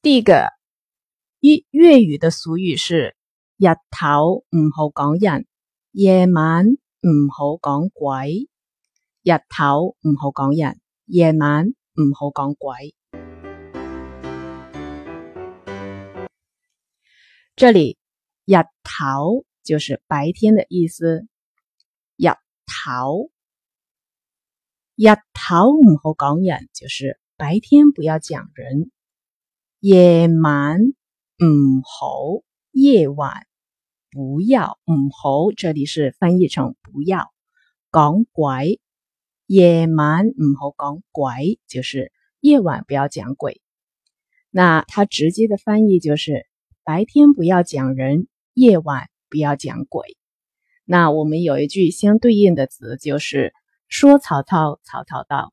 第一個粵粵語的俗語是：日頭唔好講人，夜晚唔好講鬼。日頭唔好講人，夜晚唔好講鬼。這裏“日頭”就是白天的意思，“日頭”“日頭”唔好講人，就是白天不要講人。夜晚，嗯、夜晚唔好，夜晚不要，唔好、嗯，這裏是翻譯成不要講鬼。夜晚唔好講鬼，就是夜晚不要講鬼。那他直接的翻譯就是白天不要講人，夜晚不要講鬼。那我們有一句相對應的詞，就是說曹操，曹操到。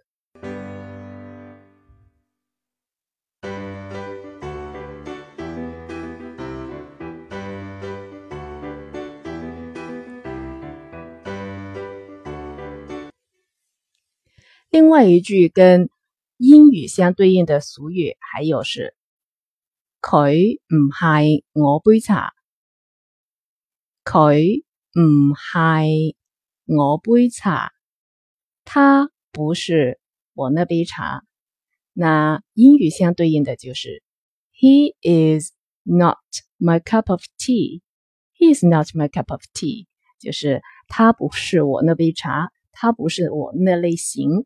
另外一句跟英語相對應的俗語還有是“佢唔係我杯茶”，佢唔係我杯茶。他不是我那杯茶。那英語相對應的就是 “He is not my cup of tea”，“He is not my cup of tea”，就是他不是我那杯茶，他不是我那類型。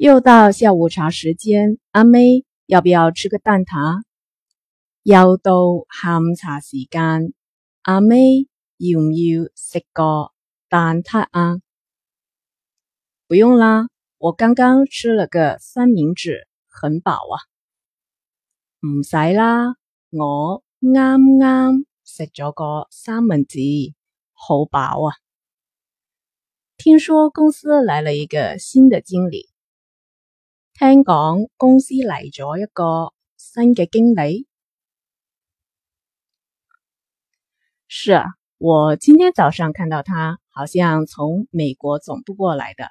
又到下午茶時間，阿妹要不要吃個蛋撻？又到下午茶時間，阿妹要唔要食個蛋撻啊？不用啦，我剛剛吃了個三明治，很飽啊。唔使啦，我啱啱食咗個三文治，好飽啊。聽說公司來了一個新的經理。聽講公司嚟咗一個新嘅經理？是啊，我今天早上看到他，好像從美國總部過來的。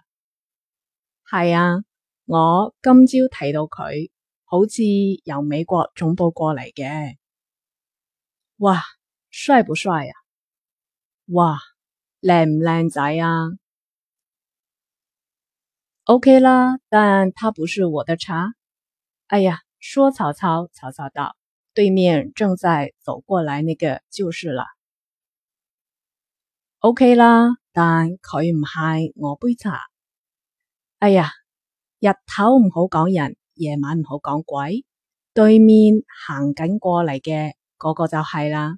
係啊，我今朝睇到佢，好似由美國總部過嚟嘅。哇，帥不帥啊？哇，靚唔靚仔啊？O K 啦，但他不是我的茶。哎呀，說曹操，曹操到，對面正在走過來，那個就是啦。O K 啦，但佢唔係我杯茶。哎呀，日頭唔好講人，夜晚唔好講鬼，對面行緊過嚟嘅嗰個就係啦。